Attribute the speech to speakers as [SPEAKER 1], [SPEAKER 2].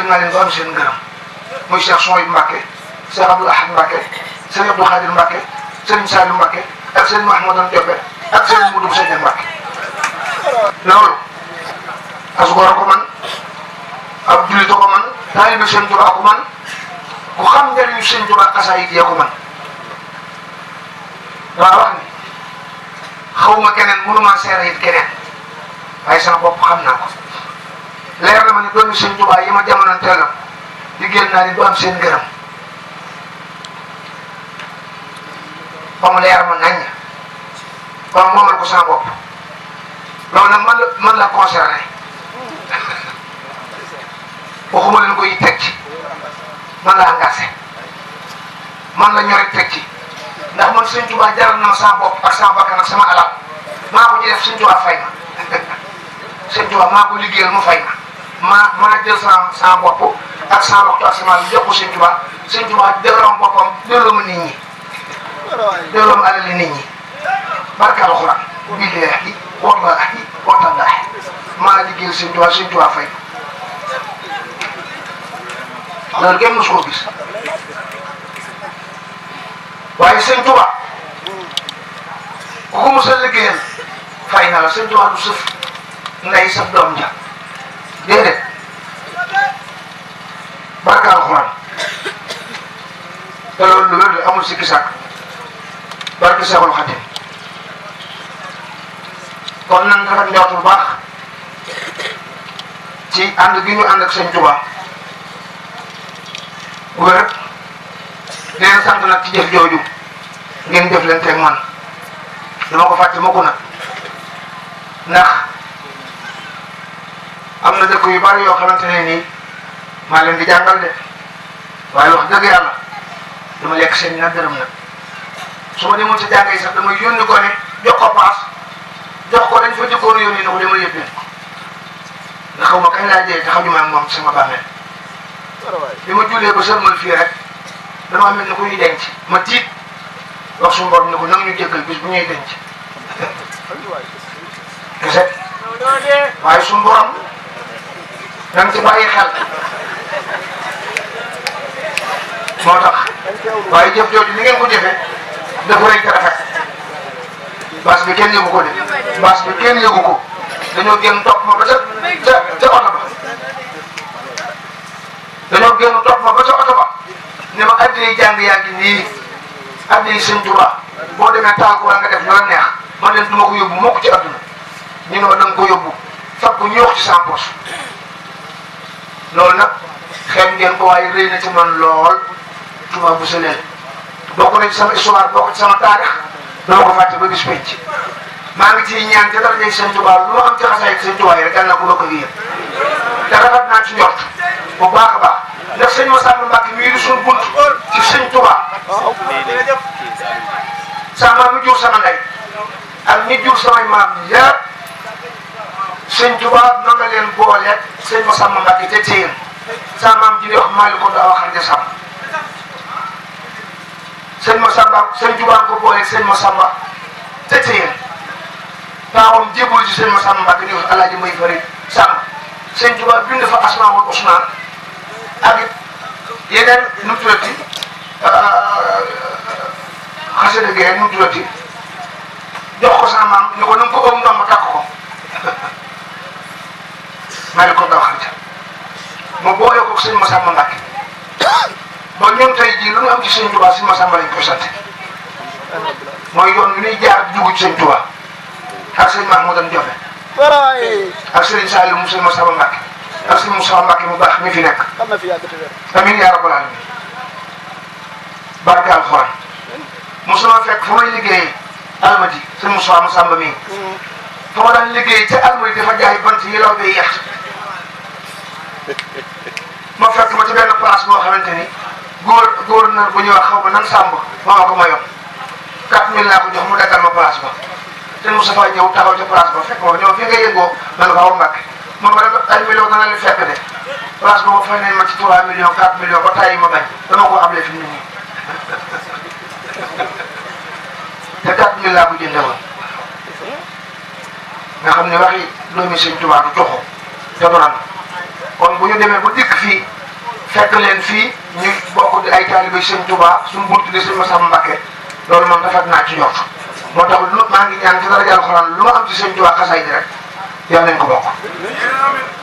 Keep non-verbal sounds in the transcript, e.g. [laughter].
[SPEAKER 1] seet naa leen ba am seen ngërëm muy Cheikh Souhaïbou Mbacké Cheikh Abdoul Ahad Mbacké Serigne Abdou Khadir Mbacké Serigne Saliou Mbacké ak Serigne Mahmoudane Diopé ak Serigne Moudou Seye Mbacké loolu asgoor ko man ab jullit ko man taalibe Sëñ Tuubaa ko man ku xam njëriñu Sëñ Tuubaa xasaayid ya ko man waa wax ni xawma keneen mënuma seere it keneen waaye sama bopp xam naa ko leer la ma ni doomi sëñ yi ma jamono teel liggéeyal naa ni du am seen gërëm ba mu leer ma naññ ba mu moomal ko sama bopp loolu nag man la man la concerné [laughs] waxuma leen koy teg ci man la engagé man la ñore teg ci ndax man sëñ Tuubaa jaral na sama bopp ak sama bakkan ak sama alal maa ko ci def sëñ Tuubaa fay ma [laughs] sëñ Tuubaa maa ko liggéeyal mu fay ma. maa maa jël sa sa bopp ak sa waxtu asamaan yëpp ko sëñ Tuubaa sëñ Tuubaa delloo mu nit ñi delloo mu alali nit barka alxuraan billaahi wallaahi wa taalaahi maa liggéeyal sëñ Tuubaa sëñ Tuubaa fay loolu kenn mosu ko waaye sëñ ku ko mos fay na la sëñ Tuubaa du sëf nday sëf doom ja amul sikki sàkk barke Seexul Xadim kon nan rafet njort bu baax ci and bi ñu and ak señ Tuubaa wër leen sant nak ci jëf joju ngeen jëf leen tek man dama ko fàtte moko na ndax am na dëkk yu bari yoo xamante ne nii maa leen di jàngal de waaye wax dëgg yàlla li mu lekk sëñ bi nag dërëm nag su ma demoon ci jànga yi sax dama yónni ko ne jox ko paas jox ko dañ fa jëkkoon yónni na ko dama yëpp ndax xaw ma kañ laa jëyee te xajuma ak moom sama bàmmeel bi ma jullee ba sërmal fii rek dama mel ni ku ñuy denc ma tiit wax suñu borom ne ko nang ñu jéggal bis bu ñuy denc kese waaye suñu borom da nga ci bàyyi xel moo tax waaye jëf ni ngeen ko jëfee dafa rëy ka rafet baas bi kenn yëgu ko de baas bi kenn yëgu ko dañoo génn topp ma ba ca ca ca ba dañoo génn topp ma ba ca oto ba ne ma addi jàng yaa ngi nii addi sëñ Tuubaa boo demee taal nga def loola neex leen duma ko yóbbu ci àdduna ñu ne ko yóbbu fab ko ñëw ci loolu nag ngeen ko waaye rëy na ci man lool. Touba Moussa Leyen bokk nañ sama histoire bokk ci sama taarix dama ko fàtte ba bis pénc maa ngi ciy ñaan ca daraja sëñ Touba lu ma am ci xasaay sëñ Touba yi rek yàlla na ko bokk ak yéen te rafet naa ci njort bu baax a baax ndax sëñ Massamba Mbacke mii di suñu bunt ci sëñ Touba sama mi jur sama ndey ak ñi jur samay maam yëpp sëñ Touba na nga leen booleeg sëñ Massamba Mbacke te téyeen sa maam ji di wax maa ngi ko doon waxal de sàmm Masamba sëñ Tuubaa ko booleeg sëñ Masamba tëj sa yéen taawam jébul ci sëñ Masamba Mbàkke ñu wax Alaaji May Fari Samb sëñ Tuubaa bind fa asmaa wal usnaa ak yeneen nu mu tuddati euh, xasida gi nu mu tuddati jox ko sama maam ñu ko nu mu ko Bamba lañ ko sant mooy yoon wi ñuy jaar dugg ci sëñ Touba ak sëñ Mahmoudane Jofe ak sëriñ Saliou mu sëñ Moustapha Mbacke ak sëñ Moustapha Mbacke mu baax mi fi nekk amiin yaa rabbal alamin barke alxuraan mosuma fekk fu may liggéeyee almadi sëñ Moustapha Massamba mii mm. fa ma daan liggéey ca almadi dafa jaay bant yi law bay yeex ma fekk ma ci benn place boo xamante ni góor gouverneur bu ñuy wax xaw ma nan sàmb moo ma ko mayoon 4000 laa ko jox mu daggal ma place ba te Moustapha ñëw taxaw ca place ba fekk ma ñëw fi nga yëngoo man ko xaw a mbàkk man ma dem ay millions dana leen fekk de place boobu fay nañ ma ci 3 millions 4 millions ba taay ma bañ dama ko fi mu ne nii ko xam ne waxi doomi Sëñ Tuubaa du joxo te doon kon bu di ay taalibe sëñ Touba suñu buntu di sëñ Massamba Mbacke loolu moom dafa naa ci ñor moo tax lu maa ngi ñaan ci dara lu ma am ci sëñ Touba xasaay di rek yàlla nañ